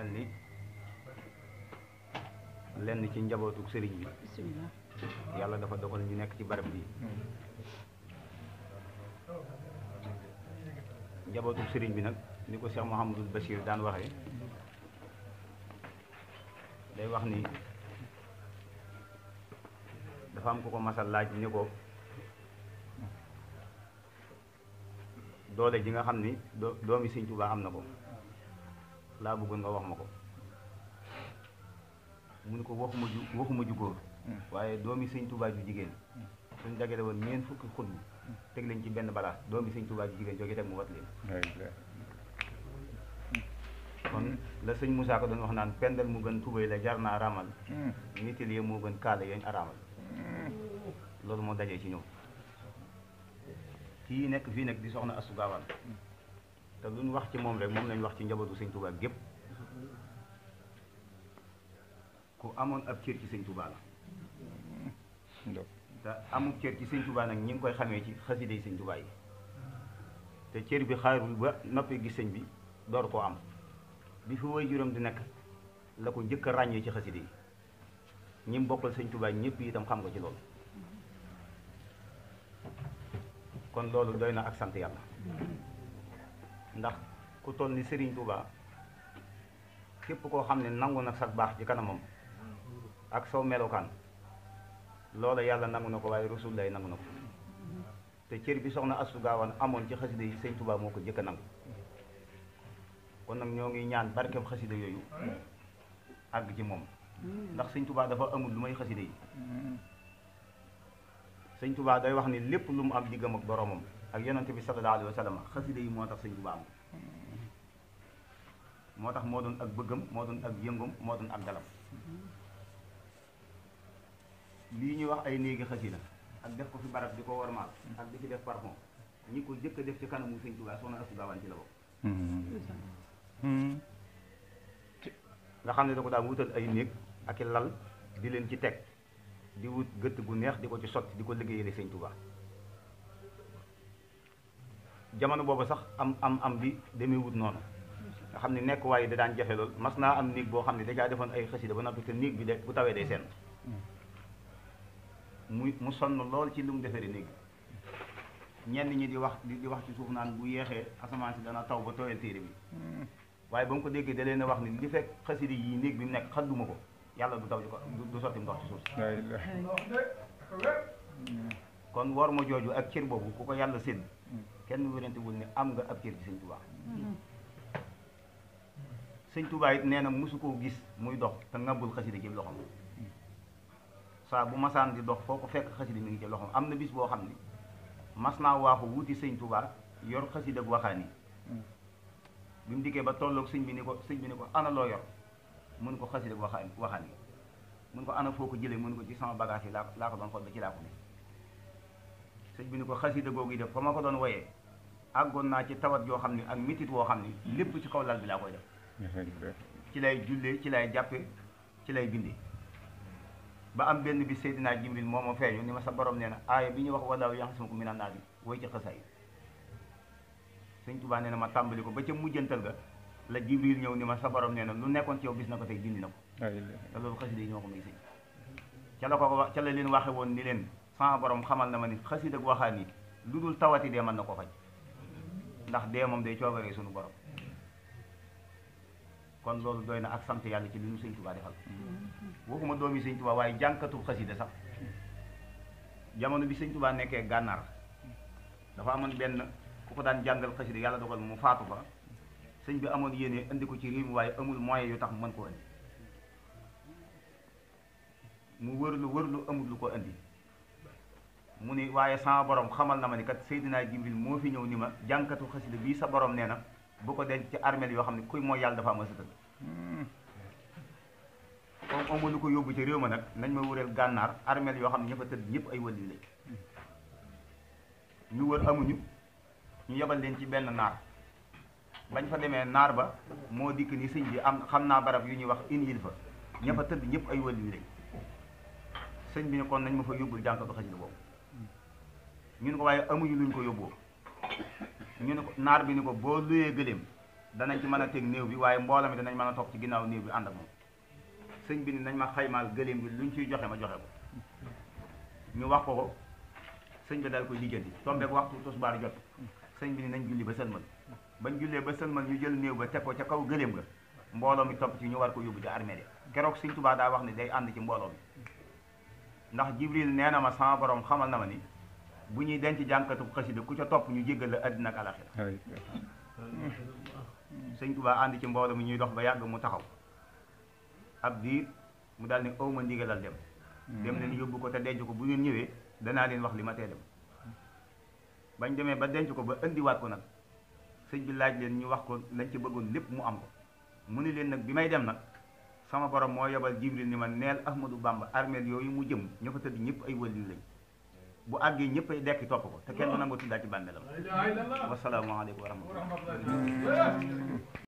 mel ni lenn ci njabootu sëriñ bi yàlla dafa dogal ñu nekk ci barab bi njabootu sëriñ bi nag ni ko Cheikh Mouhamadul Bachir daan waxee day wax ni dafa am ko ko masal laaj ni ko doole ji nga xam ni doomi Sëriñ Tuubaa am na ko laa bëggoon nga wax ma ko mu ne ko waxuma ju waxuma ju góor hmm. waaye doomi sëñ Tuubaa ju jigéen hmm. suñ dajale woon ñeent fukki xutbu hmm. teg leen ci benn balaa doomi sëñ Tuubaa ju jigéen jooju teg mu wat leen kon la sëñ musaa ko doon wax naan pendal mu gën tubay la jar naa raamal nitil yi moo gën kaala yañ araamal loolu moo dajee ci ñëw kii nekk fii nag di soxna Astu Gaawaan te lu ñu wax ci moom rek moom lañu wax ci njabootu sëñ Touba gépp ku amoon ab cër ci sëñ Touba la te amul nag ñi ngi koy xamee ci xasida yi sëñ Touba yi te cër bi xaarul ba noppee gis sëñ bi door koo am bi fi woy juróom di nekk la ko njëkk a ràññee ci xasida yi ñi mu bokkal sëñ Touba yi itam xam nga ci loolu kon loolu doy na ak sant yàlla ndax ku toll ni Serigne Touba kep ko xamne nangou nangu na sax bax ci kanamam ak saw melokaan loola yàlla nangu na ko waaye rasul lay nangu na te cieur bi soxna asu gawan amoon ci khassida yi serigne Touba moko ko jëkk kon nak ñogi ñaan khassida yoyu ag ci mom ndax serigne Touba dafa amul lumay khassida yi serigne Touba day wax ni lepp lu mu am digam ak boromam ak yonante bi sallallahu alayhi wa sallam xasida yi moo tax sëñ Tuubaa moo tax moo doon ak bëggam moo doon ak yëngam moo doon ak dalam li ñuy wax ay néegi xasida ak def ko fi barab di ko warmaal ak di ci def parfum ñi ko jëkk def ci kanamu sëñ Tuubaa soxna Astu Gaawaan ci la bokk nga xam ne da ko daan wutal ay néeg ak i lal di leen ci teg di wut gët gu neex di ko ci sotti di ko liggéeyale sëñ Tuubaa jamono boobu sax am am am bi demee wut noonu nga xam ne nekk waaye da daan jafe lool mas naa am néeg boo xam ne dajaa defoon ay xasida ba noppi te néeg bi de bu tawee day seen mu sonn lool ci lu mu defaree néeg ñenn ñi di wax di wax ci suuf naan bu yéexee asamaan si dana taw ba tooyal téere bi waaye ba mu ko déggee da leen a wax ni li fekk xasida yi néeg bi mu nekk xadduma ko yàlla du taw ci ko du sotti ndox ci suuf si kon war ma jooju ak cër boobu ku ko yàlla sédd mm. kenn wérantewul ne am nga ab cër ci sëñ Tuubaa mm. Mm. sëñ Tuubaa it nee na mosu koo gis muy dox te ngàbbul xasida ci loxom saa bu masaan di dox foo ko fekk xasida mi ngi ci loxom am na bis boo xam ne mas naa waaxu wuti sëñ Tuubaa yor xasida ak waxaan yi bi mu dikkee ba tolloog sëñ bi ni ko sëñ bi ni ko ana loo yor mun ko xasida ak waxaan waxaan yi mun ko ana foo ko jëlee mun ko ci sama bagage yi laa laa ko doon xool ba ci laa ko sëñ bi ni ko xasida googu yi def fa ma ko doon woyee àggoon naa ci tawat yoo xam ne ak mitit woo xam ne lépp ci kaw lal bi laa koy def ci lay jullee ci lay jàppe ci lay bindee ba am benn bi naa Jibril moo ma feeñu ni ma sa borom nee na aaya bi ñu wax walaaw yaxsimukum minan naas bi woy ci xasaay sëñ Tuubaa nee na ma tàmbali ko ba ca mujjantal ga la Jibril ñëw ni ma sa borom nee na lu nekkoon ci yow bis na ko tey dindi na ko te loolu xasida yi ñoo ko may woon ni leen sama boroom xamal na ma ni xasida ak waxaan yi lu dul tawati dee man na ko faj ndax dee moom day coobaree suñu borom kon loolu doy na ak sant yàlla ci li ñu sëñ Tuubaa defal ma doomi sëñ Tuubaa waaye jànkatu xasida sax jamono bi sëñ Tuubaa nekkee gànnaar dafa amoon benn ku ko daan jàngal xasida yàlla dogal mu faatu ba sëñ bi amoon yéene indi ko ci réew waaye amul moyen yu tax man mën koo indi mu wërlu wërlu amul lu ko indi mu ni waaye sama borom xamal na ma ni kat naa Jibril moo fi ñëw ni ma jànkatu xasida bii sa borom nee na bu ko denc ci armeel yoo xam ne kuy moo yàlla dafa am asitël comme amul lu ko yóbbu ci réew ma nag nañ ma wëreel gànnaar armeel yoo xam ne ña fa tëdd ñëpp ay wëlli lañ wër amuñu ñu yebal leen ci benn naar bañ fa demee naar ba moo dikk ni sëñ bi am xam naa barab yu ñuy wax in fa ña fa ñëpp ay wëlli lañ sëñ bi ne kon nañ ma fa yóbbul jànkatu xasida boobu ñu ne ko waaye amuñu luñ ko yóbboo ñu ne ko naar bi ni ko boo luyee gëléem danañ ci mën a teg néew bi waaye mbooloo mi danañ mën a toog ci ginnaaw néew bi ànd ak moom sëñ bi ni nañ ma xaymaal gëléem bi luñ ciy joxe ma joxe ko ñu wax ko ko sëñ bi daal koy lijjanti tombeek waxtu tusbaar jot sëñ bi ni nañ julli ba sëlmal bañ jullee ba sëlmal ñu jël néew ba teg ko ca kaw gëléem ga mbooloo mi topp ci ñu war ko yóbbu ci armée keroog sëñ Tuubaa daa wax ne day ànd ci mbooloo ndax Jibril nee na ma sama borom xamal na ma ni bu ñuy denc jànkatu xasida ku ca top ñu jéggal adina ka alakhir señ tuba andi ci mbooloo mi ñuy dox ba yag mu taxaw ab di mu dal ni awma ndigalal dem dem leen yobbu ko te denc ko bu ngeen ñëwee danaa leen wax li ma dem bañ démé ba denc ko ba wat ko nak señ bi laaj leen ñu wax ko lañ ci bëggoon lepp mu am ko mu ni leen nak bi may dem nak sama borom mo yobal Jibril ni ma neel ahmadu Bamba armel yoyu mu jëm ña tedd ñepp ay walil lañ bu àggee ñëpp a dekk topp ko te kenn du nangoo tëddaat ci bàmmeelam wasalaamaaleykum wa rahmatulah